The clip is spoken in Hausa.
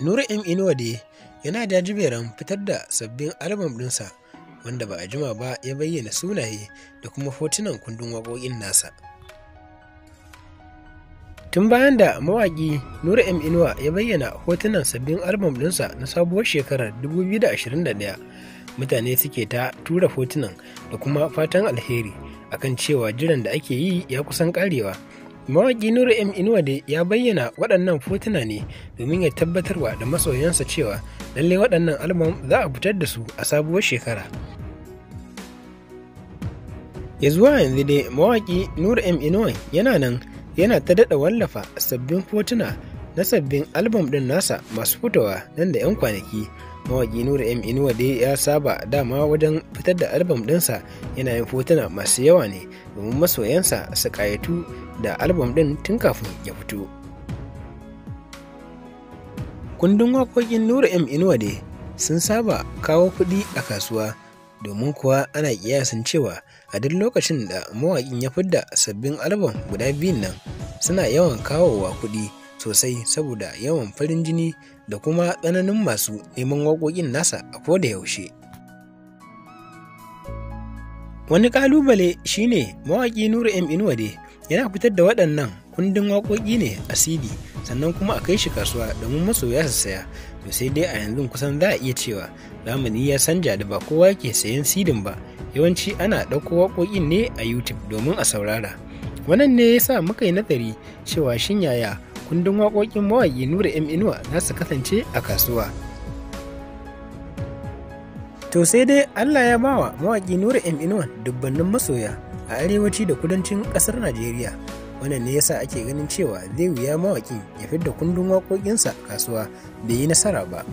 Nura M. Inuwade yana jajiberin fitar da sabbin albam ɗinsa wanda ba a jima ba ya bayyana sunaye da kuma hotunan kundin waƙoƙin nasa. Tun bayan da mawaƙi nur M. Inuwa ya bayyana hotunan sabbin albam ɗinsa na sabuwar shekarar 2021 mutane suke ta tura hotunan da kuma fatan alheri akan cewa jiran da ake yi ya kusan karewa. Mawaƙi Nuru M Inuwade ya bayyana waɗannan fotuna ne domin ya tabbatarwa da masoyansa cewa lalle waɗannan albam za a fitar da su a sabuwar shekara. Ya zuwa yanzu dai mawaki Nuru M Inuwa yana nan yana ta daɗa wallafa sabbin fotuna na sabbin albam ɗin nasa masu fitowa nan da 'yan kwanaki. Mawaƙi Nuru M Inuwa dai ya saba dama wajen fitar da albam ɗinsa yana yin fotuna masu yawa ne domin masoyansa su ƙayatu da album ɗin tun kafin ya fito. Kundin waƙoƙin Nura M Inuwade sun saba kawo kuɗi a kasuwa domin kuwa ana kiyasin cewa a duk lokacin da mawaƙin ya fidda sabbin album guda biyun nan suna yawan kawowa kuɗi sosai saboda yawan farin jini da kuma tsananin masu neman waƙoƙin nasa a koda yaushe. Wani ƙalubale shine mawaƙi Nura M Inuwade yana fitar da waɗannan kundin waƙoƙi ne a cd sannan kuma a kai shi kasuwa domin masoya su saya to sai dai a yanzu kusan za a iya cewa zamani ya sanja da ba kowa ke sayan sidin ba yawanci ana ɗauko waƙoƙin ne a youtube domin a saurara wannan ne ya sa muka yi nazari cewa shin yaya kundin waƙoƙin mawaƙi nura m inuwa za su kasance a kasuwa to sai dai allah ya bawa mawaƙi nura m inuwa dubbannin masoya a arewaci da kudancin kasar najeriya wannan ne yasa ake ganin cewa zai wuya mawaƙi ya fidda kundin waƙoƙinsa kasuwa bai yi nasara ba